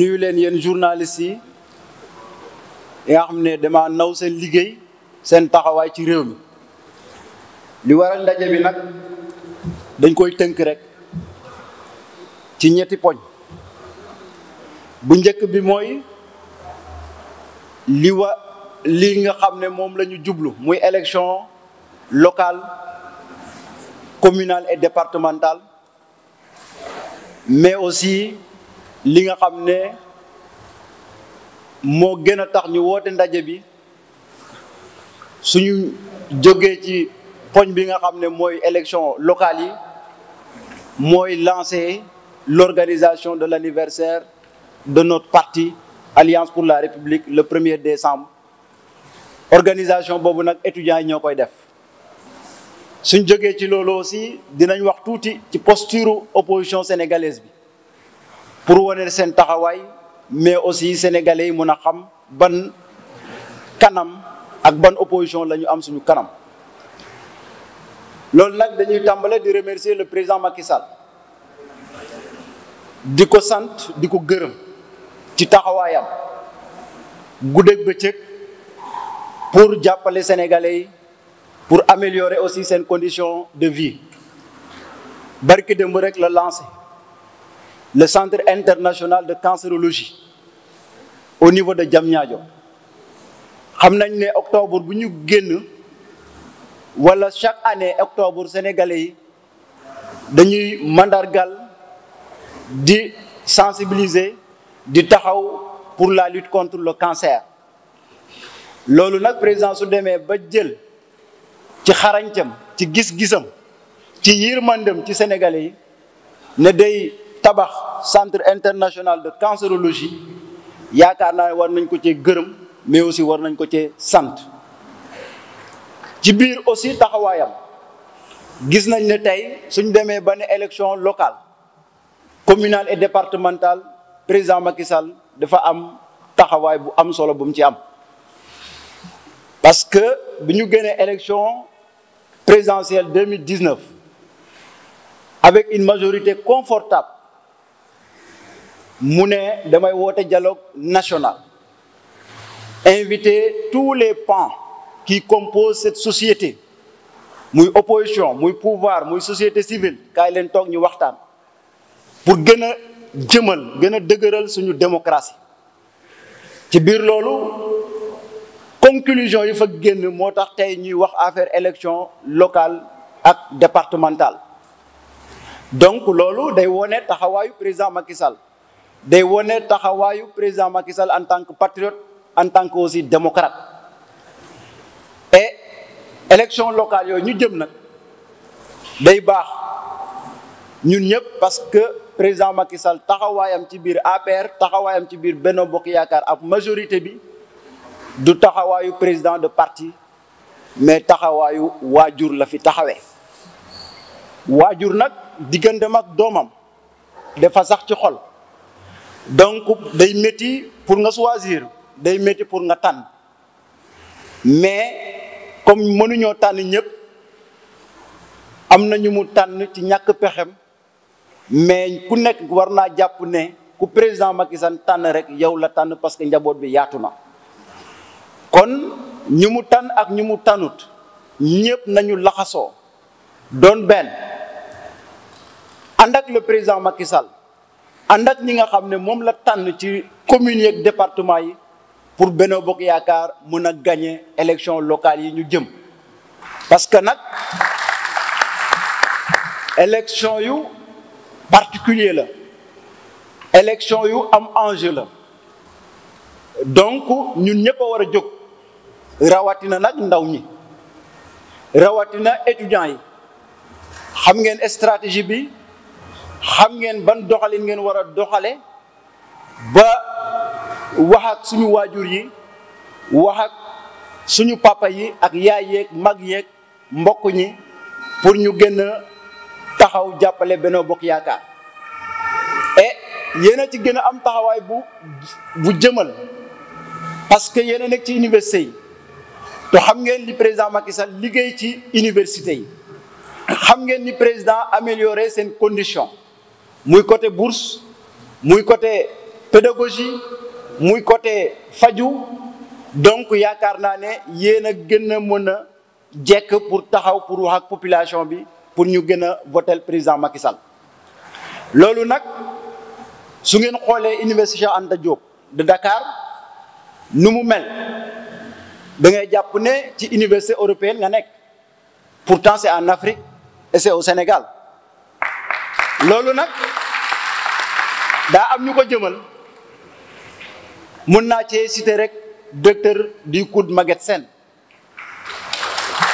nuyu leen yéen journalistes yi yi ne dama naw seen liggéey seen taxawaay ci réew mi li waral ndaje bi nag dañ koy tënk rek ci ñetti poñ bu njëkk bi mooy li wa nga xam ne moom la ñu jublu muy élection locale communale et départementale mais aussi li nga xam ne moo gën a tax ñu woote ndaje bi suñu jógee ci poñ bi nga xam ne mooy élection locale yi mooy lancer l'organisation de l'anniversaire de notre partie Alliance pour la République le premier er décembre organisation boobu nag étudiants yi ñoo koy def suñ jógee ci loolu aussi dinañ wax tuuti ci posture opposition sénégalaise bi pour wane seen taxawaay mais aussi sénégalais yi mun a xam ban kanam ak ban opposition la ñu am suñu kanam loolu nag dañuy tàmbale di remercier le président Macky di ko sant di ko gërëm ci taxawaayam guddeeg bëccëg pour jàppale sénégalais yi pour améliorer aussi seen condition de vie barki démb rek la lancé le centre international de cancérologie au niveau de Diamniadio xam nañ ne octobre bu ñu génn wala chaque année octobre sénégalais yi dañuy mandargal di sensibiliser di taxaw pour la lutte contre le cancer loolu nag président su demee ba jël ci xarañcam ci gis-gisam ci yërmandem ci Sénégalais yi ne day tabax centre internationale de cancérologie yaakaar naa ne war nañ ko cee gërëm mais aussi war nañ ko cee sant ci biir aussi taxawaayam gis nañ ne tey suñ demee ba ne élection locale communale et départementale président Macky Sall dafa am taxawaay bu am solo bu mu ci am parce que bi ñu génnee élection présidentielle 2019 avec une majorité confortable mu ne damay woote dialogue national inviter tous les pans qui composent cette société muy opposition muy pouvoir muy société civile kaay leen toog ñu waxtaan pour gën jëmal gën a dëgëral suñu démocratie ci biir loolu conclusion yi fa génn moo tax tey ñuy wax affaire élection locale ak départementale donc loolu day wone taxawaayu président Macky day wone taxawaayu président Macky en tant que patriote en tant que aussi démocrate et élection locale yooyu ñu jëm nag day baax ñun ñëpp parce président Macky Sall taxawaayam ci biir APR taxawaayam ci biir Benno Bokk Yaakaar ak majorité bi du taxawaayu président de parti mais taxawaayu waajur la fi taxawee waajur nag diggante mag doomam dafa sax ci xol donc day métti pour nga choisir day métti pour nga tànn mais comme mënuñoo tànn ñëpp am na ñu mu tànn ci ñàkk pexem mais ku nekk war naa jàpp ne ku président Macky tànn rek yow la tànn parce que njaboot bi yaatu na kon ñu tànn ak ñu mu tànnut ñëpp nañu laxasoo doon benn ànd le président Macky Sall ànd ak ñi nga xam ne moom la tànn ci communes yeeg département yi pour Benno Bokk Yaakaar mën a gañe élection locale yi ñu jëm parce que nag élection yu particulier la élection yu am enjeu la donc ñun ñëpp war a jóg rawatina nag ndaw ñi rawatina étudiants yi xam ngeen stratégie bi xam ngeen ban doxalin ngeen war a doxale ba wax suñu waajur yi wax ak suñu papa yi ak yaay yeeg mag yeeg mbokk ñi pour ñu gën taxaw jàppale Benno Bokk Yaakaar e yéen a ci gën a am taxawaay bu bu jëmal parce que yéen a nekk ci université yi te xam ngeen li président Macky Sall liggéey ci université yi xam ngeen ni président amélioré seen condition muy côté bourse muy côté pédagogie muy côté faju donc yaakaar naa ne yéen a gën a mën a jekk pour taxaw pour wax ak population bi pour ñu gën a votel président Macky Sall loolu nag su ngeen xoolee université Cheikh Anta Diop de Dakar nu mu mel da ngay jàpp ne ci université européenne nga nekk pourtant c'est en Afrique et c'est au Sénégal loolu nag daa am ñu ko jëmal mun naa cee citer rek directeur du COUD Maguette seen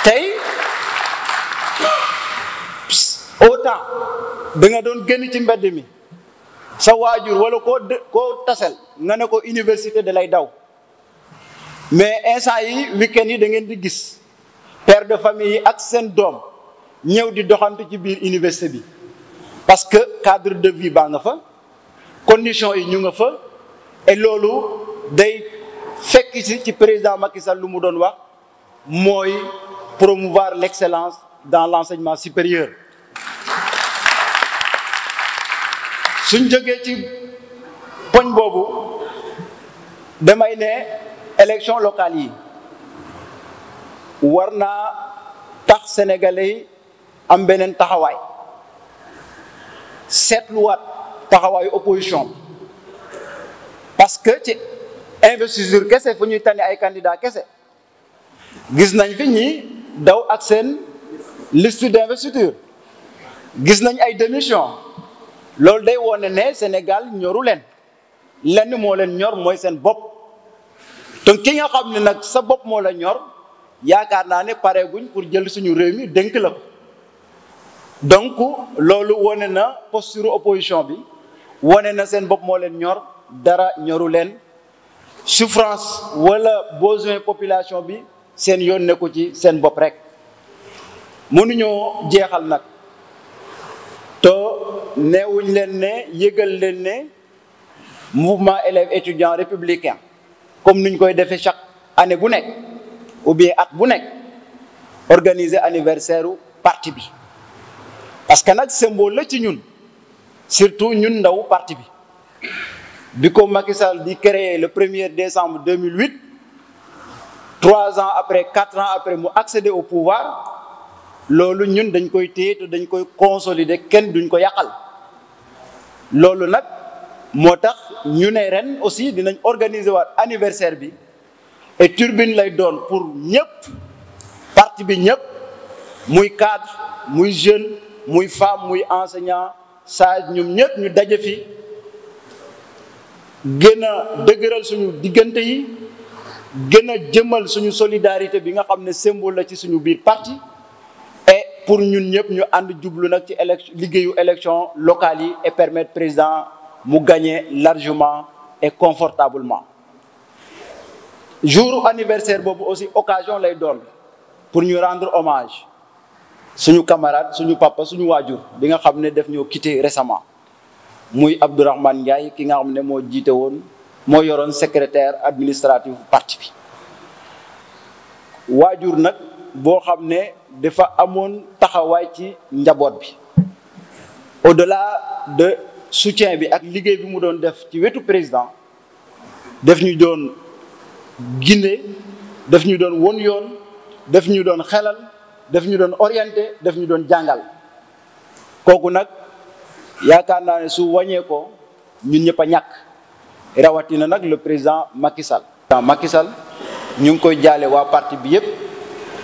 tey autant da nga doon génn ci mbedd mi sa waajur wala ko koo koo tasel nga ne ko université da lay daw mais instant yi week yi da ngeen di gis père de famille yi ak seen doom ñëw di doxante ci biir université bi parce que cadre de vie baa nga fa condition yi ñu nga fa et loolu day fekk si ci président Macky Sall lu mu doon wax mooy promouvoir l'excellence dans l'enseignement supérieur suñ jógee ci poñ boobu damay ne élection locale yi war naa tax sénégalais yi am beneen taxawaay seetluwaat taxawaayu opposition bi parce que ci investiture kese fu ñuy tànni ay candidat kese gis nañ fi ñi daw ak seen liste d'investiture gis nañ ay démission loolu day wone ne Sénégal ñoru leen lenn moo leen ñor mooy seen bopp te ki nga xam ne nag sa bopp moo la ñor yaakaar naa ne pareeguñ pour jël suñu réew mi dénk la ko donc loolu wone na posture opposition bi wone na seen bopp moo leen ñor dara ñoru leen souffrance wala besoin population bi seen yoon nekku ci seen bopp rek mënuñoo jeexal nag te neewuñ leen ne yëgal leen ne mouvement élèves étudiants républicains comme nuñ koy defee chaque année bu nekk ou bien at bu nekk organiser anniversaire u parti bi parce que nag symbole la ci ñun surtout ñun ndaw parti bi bi ko Macky Sall di créer le 1er décembre 2008 trois ans après quatre ans après mu accéder au pouvoir loolu ñun dañ koy téye te dañ koy consolider kenn duñ ko yàqal loolu nag moo tax ñu ne ren aussi dinañ organiser waat anniversaire bi et turbine lay doon pour ñëpp partie bi ñëpp muy cadre muy jeune muy femme muy enseignant saa ñoom ñëpp ñu daje fi gën a dëgëral suñu diggante yi gën a jëmal suñu solidarité bi nga xam ne symbole la ci suñu biir partie pour ñun ñëpp ñu ànd jublu nag ci élection liggéeyu élection locale yi et permettre président mu gagner largement et confortablement jour anniversaire boobu aussi occasion lay doon pour ñu rendre hommage suñu camarade suñu papa suñu waajur bi nga xam ne def ñoo quitté récemment muy Abdourahmane Ndiaye ki nga xam ne moo jiite woon moo yoroon secrétaire administratif parti bi waajur nag boo xam ne dafa amoon taxawaay ci njaboot bi au-delà de soutien bi ak liggéey bi mu doon def ci wetu président def ñu doon ginde daf ñu doon won yoon daf ñu doon xelal daf ñu doon orienté daf ñu doon jàngal kooku nag yaakaar naa ne su wàññee ko ñun ñëpp a ñàkk rawatina nag le président Macky makisal ñu ngi koy jaale waa parti bi yëpp.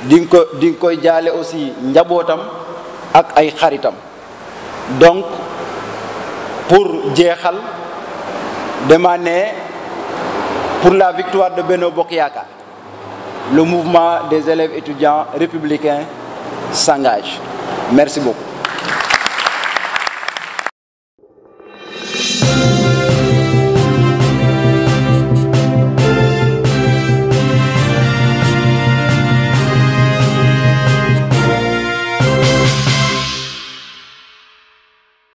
di nga ko di nga koy jaale aussi njabootam ak ay xaritam donc pour jeexal dama pour la victoire de Benno Bokk Yaakaar le mouvement des élèves étudiants républicains s'engage merci beaucoup